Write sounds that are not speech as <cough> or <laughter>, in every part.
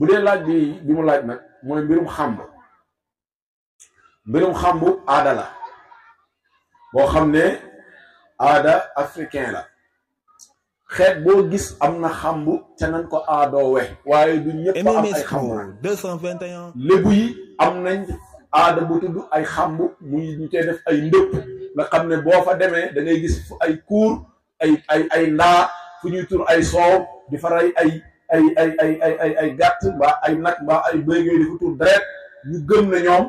bu dee laaj bi bi mu laaj nag mooy mbirum xàmb mbirum xàmb aada la boo xam ne aada africain la xeet boo gis am na xàmb te nañ ko aadoowe waaye du ñëpp am ay cent vingt et yi am nañ aada bu tudd ay xàmb muy ñu tey def ay ndëpp nga xam ne boo fa demee dangay ngay gis ay kuur ay ay ay ndaa fu ñuy tur ay soow di fa rey ay ay ay ay ay ay ay gàtt mbaa ay nag mbaa ay bëy ngay di ko tuur ñu gëm na ñoom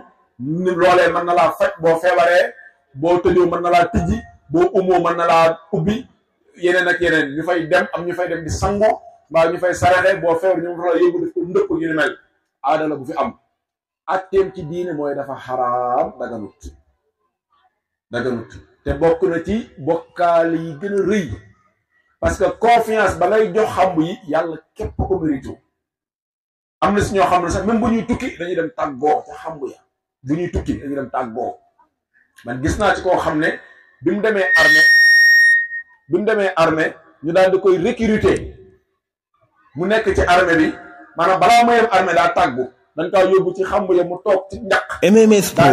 loolee man na laa faj boo feebaree boo tëjoo mën na laa tijji boo umoo mën na laa ubbi yeneen ak yeneen ñu fay dem am ñu fay dem di sangoo mbaa ñu fay saraxe boo feebar ñu mën la yóbbu def ko ndëpp gi ni mel aada bu fi am atteem ci diine mooy dafa xaraam daganut daganut te bokk na ci bokkaal yi gën a rëy parce que confiance ba ngay jox xamb yi yàlla képp ko mérito am na si ñoo xam ne sax même bu ñuy tukki dañuy dem tàggoo ca xamb ya bu ñuy tukki dañuy dem tàggoo man gis naa ci koo xam ne bi mu demee armée bi mu demee armée ñu daal di koy recruter mu nekk ci armée bi maanaam balaa ma yem armée daa tàggu dañ yóbbu ci xamb ya mu toog ci njaq MMS Pro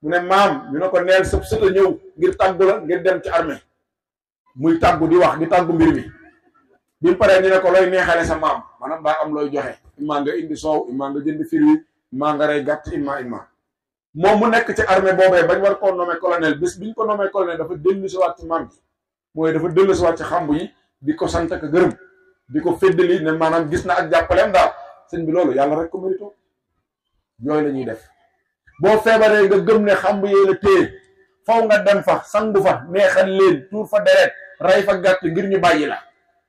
mu ne maam ñu ne ko neel sëb sëta ñëw ngir tàggu la ngir dem ci armée muy tàggu di wax di tàggu mbir mi bi mu paree ñu ne ko looy neexale sa maam maanaam daa am looy joxe imaa nga indi soow imaa nga jënd firi imaa nga rey gàtt imaa imaa moom mu nekk ci armée boobee bañ war koo nommé colonel bis biñ ko nommé colonel dafa dellusiwaat ci maam ji mooy dafa dellusiwaat ci xambu yi di ko sant ak gërëm di ko féddali ne maanaam gis na ak jàppaleem daal sëñ bi loolu yàlla rek ko mérito yooyu lañuy def boo feebaree nga gëm ne xambu yee la téye faw nga dem fa sangu fa neexal leen tuur fa deret rey fa gàtt ngir ñu bàyyi la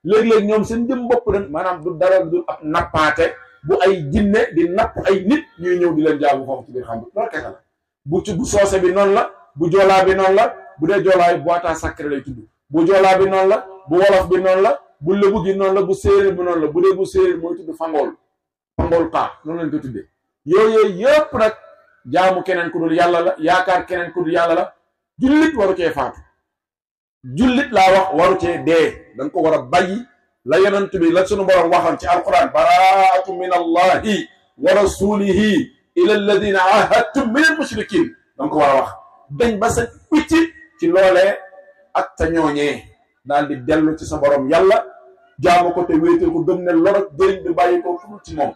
léeg-léeg ñoom seen jëm bopp den maanaam du dara du ab nappaate bu ay jinne di napp ay nit ñuy ñëw di leen jaamu foofu ci biir xam loolu kese bu ci bu bi noonu la bu joolaa bi noonu la bu dee joolaa yi boitaa sacré lay tudd bu joolaa bi noon la bu wolof bi noonu la bu lëbu gi noonu la bu séeréer bi noonu la bu dee bu séeréer mooy tudd fangool fangool paax noonu lañ ko tuddee yooyu yëpp nag jaamu keneen ku dul yàlla la yaakaar keneen ku dul yàlla la jullit waru cee faatu jullit laa wax waru cee dee dañ ko war a bàyyi la yonent bi la sunu borom waxoon ci alquran baraatu min allahi wa rasulihi ila alladina ahadtum min al mushrikin dañ ko war a wax dañ ba sa ucci ci loolee ak ta ñooñee daal di dellu ci sa borom yàlla jaamu ko te wéetal ko gëm ne lorog jëriñ bi bàyyi ko ful ci moom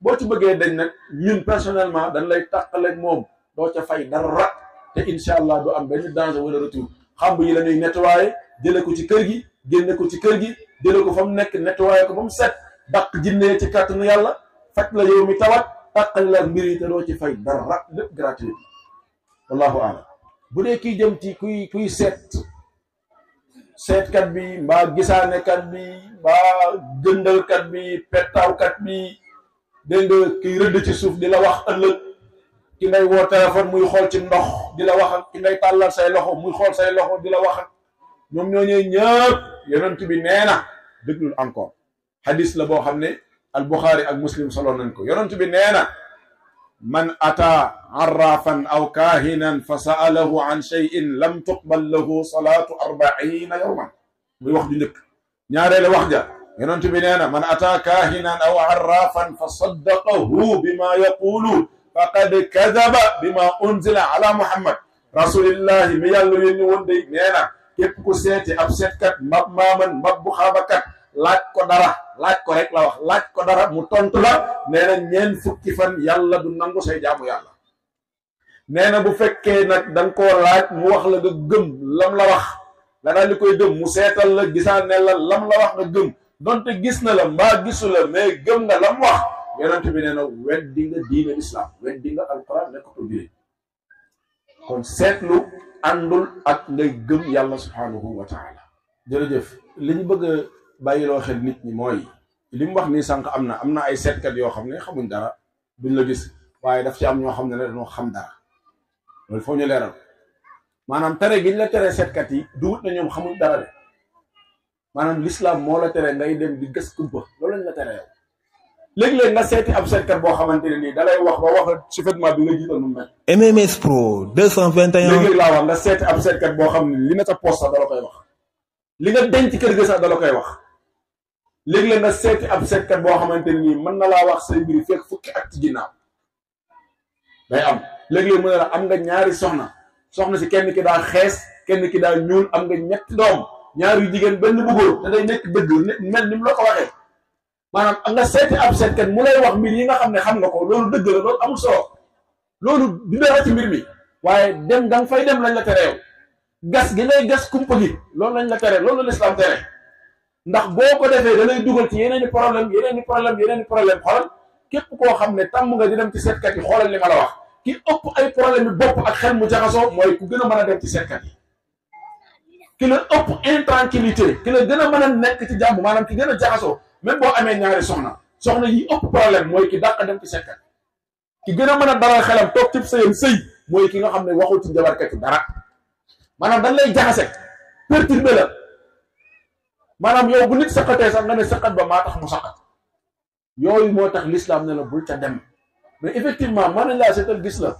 boo ci bëggee dañ nag ñun personnellement dañ lay tàqaleeg moom doo ca fay dara te incha allah du am benn danger wala retour bu yi la ñuy nettoyé jële ko ci kër gi génne ko ci kër gi jële ko fam nek nettoyé ko bam set dàq jinné ci kàttanu yalla fat la yow mi tawat tàqal la mbir yi te doo ci fay dara lépp gratuit wallahu alam bu dé ki jëm ci kuy kuy set kat bi mbaa kat bi gëndal kat bi kat bi dégg ki rëdd ci suuf di wax ëlëk ki ngay woo téléphone muy xool ci ndox di la wax ak ki ngay tàllal say loxo muy xool say loxo di la wax ak ñoom ñooñee ñëpp yonent bi nee na déglul encore hadis la boo xam ne al buxaari ak muslim solo nañ ko yonent bi nee na man ataa arrafan aw kaahinan fa sa'alahu an shay'in lam tuqbal lahu salaatu arbaina yawman muy wax ju njëkk ñaareele wax ja yonent bi nee na man ataa kaahinan aw arrafan fa saddaqahu bima yaqulu faqad kazaba bima unzila ala muhammad rasulillahi mi yàlla yónni woon day nee na seeti ab seetkat mbab maaman mbab bu xaabakat laaj ko dara laaj ko rek la wax laaj ko dara mu tontu la nee na ñeen fukki fan yàlla du nangu say jaamu yàlla nee bu fekkee nag da nga koo laaj mu wax la nga gëm lam la wax nga daal di koy gëm mu seetal la gisaan ne la lam la wax nga gëm donte gis na la mbaa gisu la mais gëm nga lam wax yonent bi nee na weddi nga diine lislaam weddi nga alquran nekkatul jullit kon seetlu àndul ak ngay gëm yàlla subhaanahu wa taala jërëjëf li ñu bëgg a bàyyiloo xel nit ñi mooy li mu wax nii sànq am na am na ay seetkat yoo xam ne xamuñ dara duñ la gis waaye daf ci am ñoo xam ne dañoo xam dara loolu foo ñu leeral maanaam tere gi ñu la tere seetkat yi dugut na ñoom xamuñ dara de maanaam lislaam moo la tere ngay dem di gës kumpa loolu lañ la tere yow léeg-léeg nga seeti ab seetkat boo xamante ne nii wax ba wax bi nga mel. MMS Pro 221. léeg-léeg laa wax nga seeti ab seetkat boo xam li nga sa da la koy wax li nga denc kër ga sax da la koy wax léeg-léeg nga seeti ab seetkat boo xamante ne nii na laa wax say mbir fekk fukki at ci day am mu la am nga ñaari soxna soxna kenn ki kenn ki ñuul am nga benn bu góor day nekk mel la ko maanaam nga seeti seet seetkat mu lay wax mbir yi nga xam ne xam nga ko loolu dëgg la loolu amul solo loolu du dara ci mbir mi waaye dem da nga fay dem lañ la tereew gas gi ngay gas kumpa gi loolu lañ la teree loolu la am tere ndax boo ko defee da lay dugal ci yeneen i problème yeneen i problème yeneen problème xoolal képp koo xam ne tàmm nga di dem ci seetkat yi xoolal li ma la wax ki ëpp ay problème yu bopp ak xel mu jaxasoo mooy ku gën a mën a dem ci ki la ëpp intranquillité ki la gën a mën a nekk ci jàmm maanaam ki gën a jaxasoo même boo amee ñaari soxna soxna yi ëpp problème mooy ki dàq dem ci sekkal ki gën a mën a dalal xelam toog ci sëyam sëy mooy ki nga xam ne waxul ci jabarkatu dara maanaam dañ lay jaxase perturbé la maanaam yow bu nit saqatee sax nga ne saqat ba maa tax mu saqat yooyu moo tax l'islam ne la bul ca dem mais effectivement mën nañ laa seetal gis la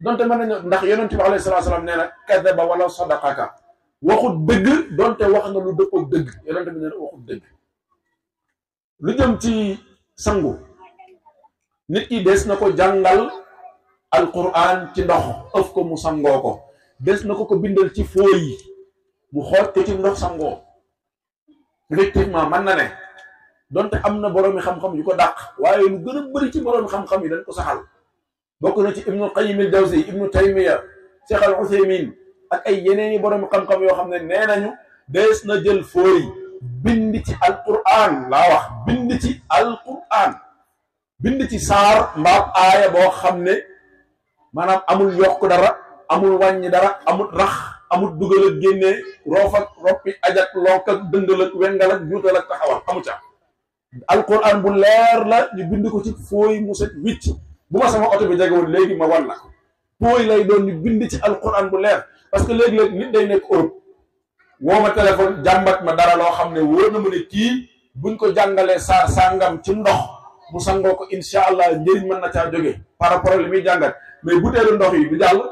donte mën nañu ndax yonent bi alayhi salaatu salaam nee na kadaba wala sadaqaka waxut dëgg donte wax na lu dëppoog dëgg yonent bi nee na waxut dëgg lu jëm ci sangu nit ki des na ko jàngal alquran ci ndox ëf ko mu sangoo ko des na ko ko bindal ci fooy yi mu xooj ko ci ndox sangoo effectivement man na ne donte am na boroomi xam-xam yu ko dàq waaye lu gën a ci boroomi xam-xam yi dañ ko saxal bokk na ci ibnu qayim al jawzi ibnu taymiya cheikh al uthaymin ak ay yeneeni boroomi xam-xam yoo xam ne nee nañu des na jël fooy bind ci al alquran laa wax bind ci alquran bind ci saar mbaam aaya boo xam ne maanaam amul yokk dara amul wàññi dara amul rax amul dugal ak génne roof ak roppi ajak lonk ak dëngal ak wengal ak juutal ak taxawal amu bu leer la ñu bind ko ci fooy mu set wicc bu ma sama oto bi jege woon léegi ma wan la ko fooy lay doon ñu bind ci alquran bu leer parce que léegi-léeg nit day nekk Europe woo ma téléphone jàmbat ma dara loo xam ne wóor na ne kii buñ ko jàngalee saa sangam ci ndox mu sangoo ko incha allah njëriñ mën na caa jóge par rapport ak muy jàngat mais butéelu ndox yi du jàll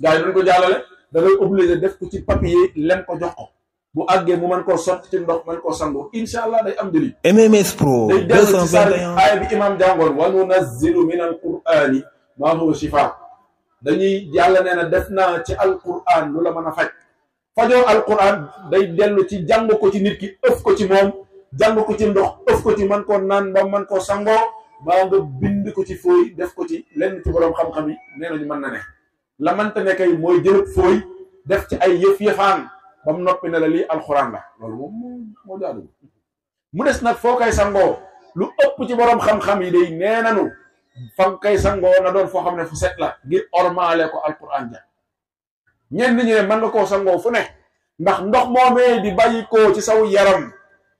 gars yi ko jàllale da ngay def ko ci papier lem ko jox ko. bu àggee mu mën koo sotti ci ndox mën koo sangoo incha allah day am njëriñ. MMS Pro 221 day dellu ci saar aaya bi imaam jàngoon wa nunazzilu min alqur'ani ma huwa shifaa dañuy yàlla nee na def naa ci alqur'an lu la mën a faj. fajoo alquran day delu ci jang ko ci nit ki euf ko ci mom jang ko ci ndox euf ko ci man ko nan ba man ko sango ba nga bind ko ci foy def ko ci len ci borom xam-xam ni neenu ñu man na ne la mënta ne kay moy jël foy def ci ay yef yefan bam mu noppi ne la lii alquran la lolu moom moo mu dess nak fo kay sango lu upp ci borom xam-xam yi day neenanu fa kay sango na doon fo xamne fu set la ngir ormalé ko alquran ja ñenn ñi ne mën nga koo sangoo fu ne ndax ndox moomee di bàyyi koo ci saw yaram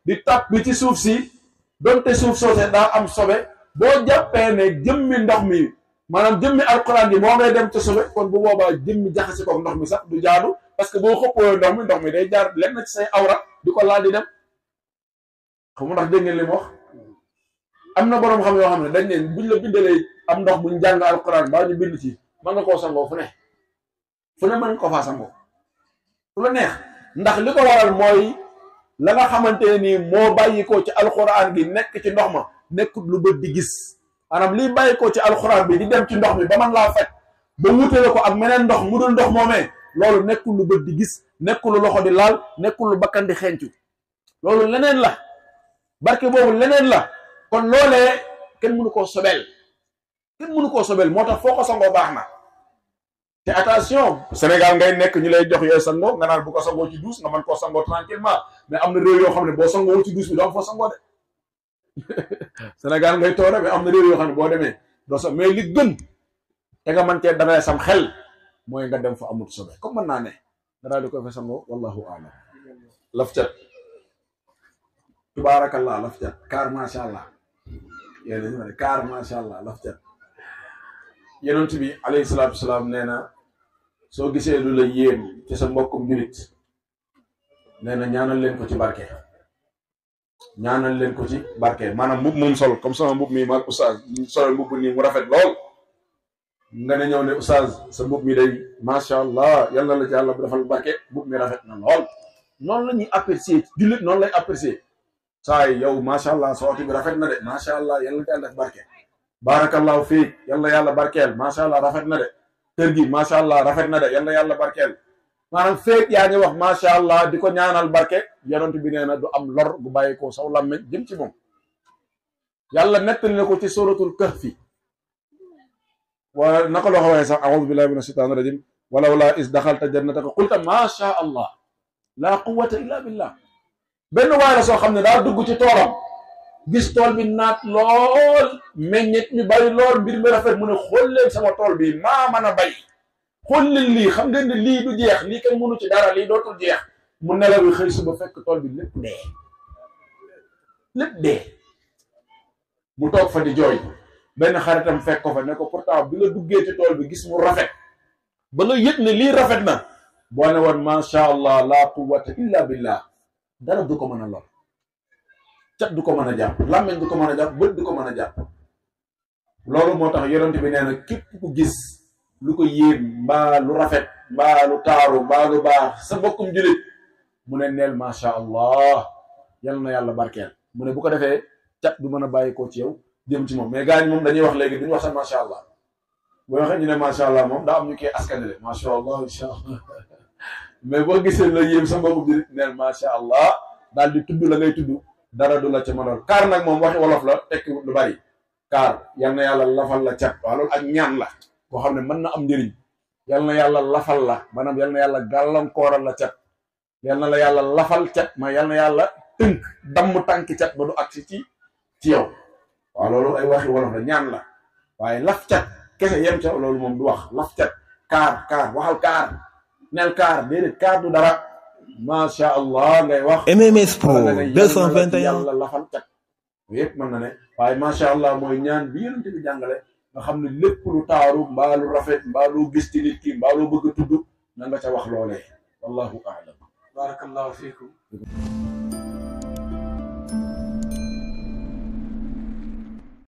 di tàpp ci suuf si donte suuf soose daa am sobe boo jàppee ne jëmmi ndox mi maanaam jëmmi alxuraan bi moo ngay dem ca sobe kon bu boobaa jëmmi jaxase koog ndox mi sax du jaadu parce que boo xëppoo ndox mi ndox mi day jaar lenn ci say di ko laal di dem xam ndax dégg ngeen li wax am na boroom xam yoo xam ne dañ ne buñ la bindalee am ndox mu jàng alxuraan baa ñu bind ci mën nga koo sangoo fu ne fu ne mën ko faa sangoo fu la neex ndax li ko waral mooy la nga xamante ne nii moo bàyyi ko ci alxuraan gi nekk ci ndox ma nekkut lu bët di gis maanaam liy bàyyi ko ci alxuraan bi di dem ci ndox mi ba man laa faj ba wutale ko ak meneen ndox mu dul ndox moomee loolu nekkul lu bët di gis nekkul lu loxo di laal nekkul lu bakkan di xencu loolu leneen la barke boobu leneen la kon loolee kenn mënu koo sobel kenn mënu koo sobel moo tax foo ko sangoo baax na té attention Sénégal ngay nek ñu lay jox yoy sango nga naan bu ko sango ci douce nga man ko sango tranquillement mais amna réew yo xamné bo sango ci douce bi doo foo sangoo de <laughs> Sénégal ngay toog rek mais réew yo xamné bo démé do sa mais li gën té nga man té dara sam xel moy nga dem fa amut sobe comme man na né dara di fa sango wallahu aalam laf cat tubaarakallah laf cat kaar macha allah yéen a ma sha allah laf cat yonent bi alayhi salatu wassalam nee soo gisee lu la yéem ci sa mbokkum julit nee na ñaanal leen ko ci barke ñaanal leen ko ci barke maanaam mbubb moom sol comme sama mbubb mi maag oustaz sol mbubb nii mu rafet lool nga ne ñëw ne oustaz sa mbubb mi day macha allah yàlla la ci yàlla bu defal barke mbubb mi rafet na lool noonu la ñuy apprécier jullit noonu lay apprécier saay yow macha allah sa oto rafet na de macha allah yàlla na ci barke baarakallahu fiik yàlla yàlla barkeel macha allah rafet na de kër gi macha allah rafet na de yal na yàlla barkeel maanaam yaa ngi wax macha allah di ko ñaanal barke yonent bi du am lor gu bàyyi ko saw làmmeñ ci moom yàlla nettali na ko ci suratul kahfi wa naka loo xawee sax a billahi minash shaitani rajim walawla is daxalta jannataka qulta macha allah la quwwata illa billah benn waay la soo xam ne daa dugg ci tooram gis tool bi naat lool meññet ñu bari lool mbir mi rafet mu ne xool leen sama tool bi maa mën a bay xool leen lii xam ngeen ne lii du jeex lii kenn mënu ci dara lii dootul jeex mu nelaw yi xëy suba fekk tool bi lépp dee lépp dee mu toog fa di jooy benn xaritam fekk ko fa ne ko pourtant bi la duggee ci tool bi gis mu rafet ba la yëg ne lii rafet na boo ne woon macha allah la quwwata illa billah dara du ko mën a lor cat du ko mën a jàpp làmmeñ du ko mën a jàpp bët du ko mën a jàpp loolu moo tax yonent bi nee na képp ku gis lu ko yéem mbaa lu rafet mbaa lu taaru mbaa lu baax sa bokkum jullit mu ne neel macha allah yal na yàlla barkeel mu ne bu ko defee cat du mën a bàyyi koo ci yow jëm ci moom mais gaañ moom dañuy wax léegi duñu wax sax macha allah boo waxee ñu ne macha allah moom daa am ñu koy askanale macha allah incha allah <laughs> mais boo gisee la yéem sa allah daal di la ngay tudd. dara du la ci mënoon kaar nak mom waxi wolof la tekki lu bari kaar yalla yalla lafal la ci walu ak ñaan la boo xamne mën na am yalla yalla lafal la maanaam yalla na galam gàllankooral la ci yalla la yalla lafal ci ma yalla yalla teunk dam damm ci ba du ak ci ci yow wa lolu ay waxi wolof la ñaan la waye laf ci kesse yem ca lolu mom du wax laf ci kaar kar waxal nel kar dede kaar du dara ma macha allah ngay wax. MMS Pro 221 yàlla lafal cat yëpp man na ne waaye macha allah mooy ñaan bi yonent bi jàngale nga xam ne lépp lu taaru mbaa lu rafet mbaa lu gis ci nit bëgg tudd na nga ca wax loolee wallahu aalam. barakallahu fiikum.